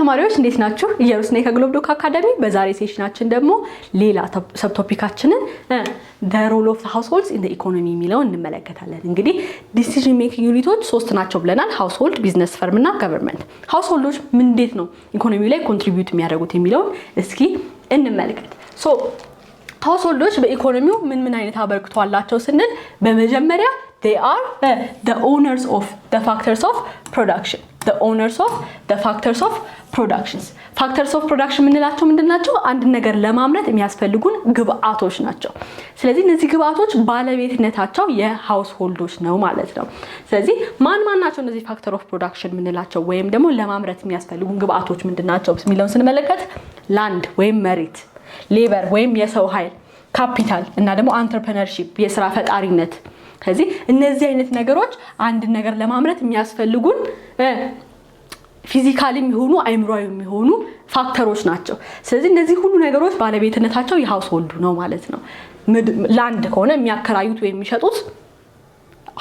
ተማሪዎች እንዴት ናችሁ? እየሩስ ነኝ ከግሎብ ዶክ አካዳሚ። በዛሬ ሴሽናችን ደግሞ ሌላ ሰብቶፒካችንን ደ ሮል ኦፍ ሃውስሆልድስ ኢን ኢኮኖሚ የሚለውን እንመለከታለን። እንግዲህ ዲሲዥን ሜኪንግ ዩኒቶች ሶስት ናቸው ብለናል። ሃውስሆልድ፣ ቢዝነስ ፈርም እና ገቨርንመንት። ሃውስሆልዶች እንዴት ነው ኢኮኖሚ ላይ ኮንትሪቢዩት የሚያደርጉት የሚለውን እስኪ እንመልከት። ሶ ሃውስሆልዶች በኢኮኖሚው ምን ምን አይነት አበርክቶ አላቸው ስንል በመጀመሪያ ዴይ አር ዘ ኦፍ ዘ ፋክተርስ ኦፍ ፕሮዳክሽን ኦነርስ ኦፍ ፋክተርስ ኦፍ ፕሮዳክሽንስ ፋክተርስ ኦፍ ፕሮዳክሽን የምንላቸው ምንድን ናቸው? አንድ ነገር ለማምረት የሚያስፈልጉን ግብአቶች ናቸው። ስለዚህ እነዚህ ግብአቶች ባለቤትነታቸው የሃውስ ሆልዶች ነው ማለት ነው። ስለዚህ ማን ማን ናቸው እነዚህ ፋክተር ኦፍ ፕሮዳክሽን የምንላቸው ወይም ደግሞ ለማምረት የሚያስፈልጉን ግብአቶች ምንድን ናቸው የሚለውን ስንመለከት ላንድ ወይም መሬት፣ ሌበር ወይም የሰው ኃይል፣ ካፒታል እና ደግሞ አንትርፕረነርሺፕ የስራ ፈጣሪነት። ስለዚህ እነዚህ አይነት ነገሮች አንድ ነገር ለማምረት የሚያስፈልጉን ፊዚካል የሚሆኑ አይምሯዊ የሚሆኑ ፋክተሮች ናቸው። ስለዚህ እነዚህ ሁሉ ነገሮች ባለቤትነታቸው የሀውስሆልዱ ነው ማለት ነው። ላንድ ከሆነ የሚያከራዩት ወይም የሚሸጡት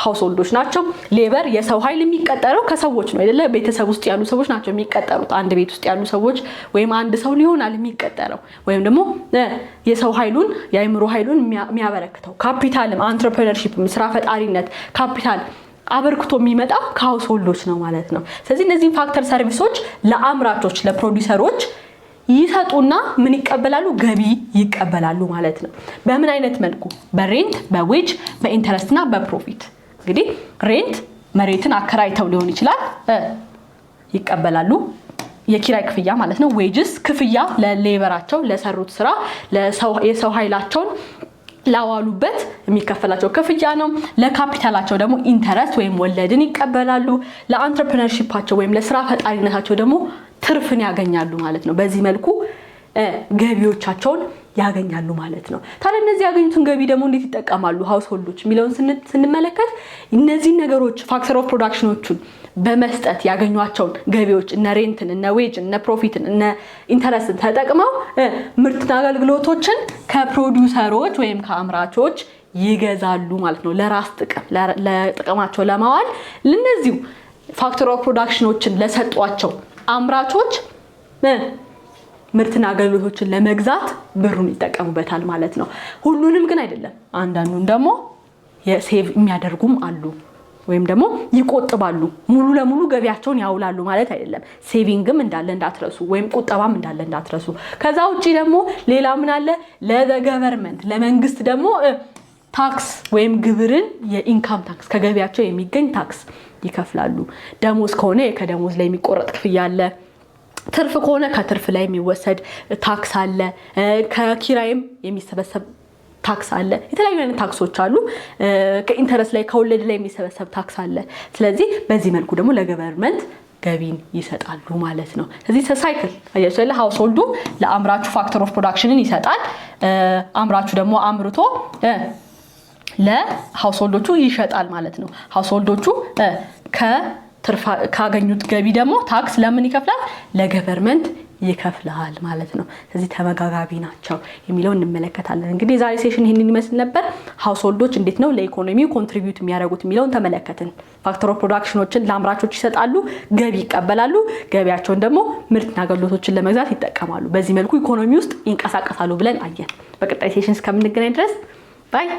ሀውስሆልዶች ናቸው። ሌበር የሰው ኃይል የሚቀጠረው ከሰዎች ነው አይደለ? ቤተሰብ ውስጥ ያሉ ሰዎች ናቸው የሚቀጠሩት። አንድ ቤት ውስጥ ያሉ ሰዎች ወይም አንድ ሰው ሊሆናል የሚቀጠረው ወይም ደግሞ የሰው ኃይሉን የአእምሮ ኃይሉን የሚያበረክተው ካፒታልም፣ አንትረፕረነርሺፕም ስራ ፈጣሪነት ካፒታል አበርክቶ የሚመጣው ከሀውስሆልዶች ነው ማለት ነው። ስለዚህ እነዚህን ፋክተር ሰርቪሶች ለአምራቾች ለፕሮዲሰሮች ይሰጡና ምን ይቀበላሉ? ገቢ ይቀበላሉ ማለት ነው። በምን አይነት መልኩ? በሬንት፣ በዌጅ፣ በኢንተረስት እና በፕሮፊት። እንግዲህ ሬንት መሬትን አከራይተው ሊሆን ይችላል ይቀበላሉ የኪራይ ክፍያ ማለት ነው። ዌጅስ ክፍያ ለሌበራቸው ለሰሩት ስራ የሰው ኃይላቸውን ላዋሉበት የሚከፈላቸው ክፍያ ነው። ለካፒታላቸው ደግሞ ኢንተረስት ወይም ወለድን ይቀበላሉ። ለአንትርፕረነርሺፓቸው ወይም ለስራ ፈጣሪነታቸው ደግሞ ትርፍን ያገኛሉ ማለት ነው። በዚህ መልኩ ገቢዎቻቸውን ያገኛሉ ማለት ነው። ታዲያ እነዚህ ያገኙትን ገቢ ደግሞ እንዴት ይጠቀማሉ ሀውስሆልዶች የሚለውን ስንመለከት እነዚህን ነገሮች ፋክተር ኦፍ ፕሮዳክሽኖቹን በመስጠት ያገኟቸውን ገቢዎች እነ ሬንትን፣ እነ ዌጅን፣ እነ ፕሮፊትን፣ እነ ኢንተረስትን ተጠቅመው ምርትና አገልግሎቶችን ከፕሮዲውሰሮች ወይም ከአምራቾች ይገዛሉ ማለት ነው። ለራስ ጥቅም ለጥቅማቸው ለማዋል ለነዚሁ ፋክተር ኦፍ ፕሮዳክሽኖችን ለሰጧቸው አምራቾች ምርትና አገልግሎቶችን ለመግዛት ብሩን ይጠቀሙበታል ማለት ነው። ሁሉንም ግን አይደለም። አንዳንዱን ደግሞ የሴቭ የሚያደርጉም አሉ ወይም ደግሞ ይቆጥባሉ። ሙሉ ለሙሉ ገቢያቸውን ያውላሉ ማለት አይደለም። ሴቪንግም እንዳለ እንዳትረሱ፣ ወይም ቁጠባም እንዳለ እንዳትረሱ። ከዛ ውጭ ደግሞ ሌላ ምን አለ? ለገቨርንመንት ለመንግስት ደግሞ ታክስ ወይም ግብርን የኢንካም ታክስ ከገቢያቸው የሚገኝ ታክስ ይከፍላሉ። ደሞዝ ከሆነ ከደሞዝ ላይ የሚቆረጥ ክፍያ አለ። ትርፍ ከሆነ ከትርፍ ላይ የሚወሰድ ታክስ አለ። ከኪራይም የሚሰበሰብ ታክስ አለ። የተለያዩ አይነት ታክሶች አሉ። ከኢንተረስት ላይ ከወለድ ላይ የሚሰበሰብ ታክስ አለ። ስለዚህ በዚህ መልኩ ደግሞ ለገቨርንመንት ገቢን ይሰጣሉ ማለት ነው። ስለዚህ ሳይክል አያችኋል። ሀውስሆልዱ ለአምራቹ ፋክተር ኦፍ ፕሮዳክሽንን ይሰጣል። አምራቹ ደግሞ አምርቶ ለሀውስሆልዶቹ ይሸጣል ማለት ነው። ሀውስሆልዶቹ ከ ካገኙት ገቢ ደግሞ ታክስ ለምን ይከፍላል? ለገቨርመንት ይከፍላል ማለት ነው። ስለዚህ ተመጋጋቢ ናቸው የሚለው እንመለከታለን። እንግዲህ የዛሬ ሴሽን ይህንን ይመስል ነበር። ሀውስሆልዶች እንዴት ነው ለኢኮኖሚው ኮንትሪቢዩት የሚያደርጉት የሚለውን ተመለከትን። ፋክተር ኦፍ ፕሮዳክሽኖችን ለአምራቾች ይሰጣሉ፣ ገቢ ይቀበላሉ። ገቢያቸውን ደግሞ ምርትና አገልግሎቶችን ለመግዛት ይጠቀማሉ። በዚህ መልኩ ኢኮኖሚ ውስጥ ይንቀሳቀሳሉ ብለን አየን። በቀጣይ ሴሽን እስከምንገናኝ ድረስ ባይ